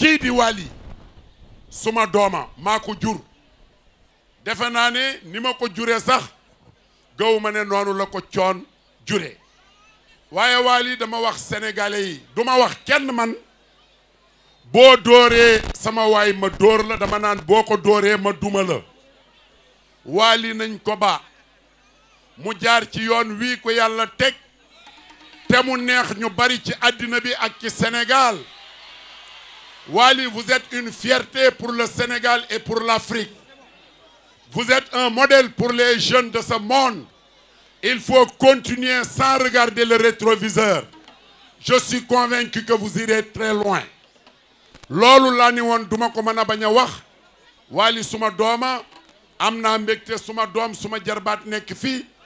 kii di Wally suma dooma maa ko jur defe naa ne ni ma ko jure sax gaw ma ne noonu la ko coon jure waaye Wally dama wax sénégalais yi du ma wax kenn man boo dooree sama waay ma dóor la dama naan boo ko dooree ma duma la Wally nañ ko ba mu jaar ci yoon wii ko yàlla teg te mu neex ñu bari ci àddina bi ak ci Sénégal Wally, vous êtes une fierté pour le Sénégal et pour l'Afrique. Vous êtes un modèle pour les jeunes de ce monde. Il faut continuer sans regarder le rétroviseur. Je suis convaincu que vous irez très loin. loolu laa ni woon duma ko mën a bañ a wax Wally suma dooma am naa mbégte suma doom suma jarbaat nekk fii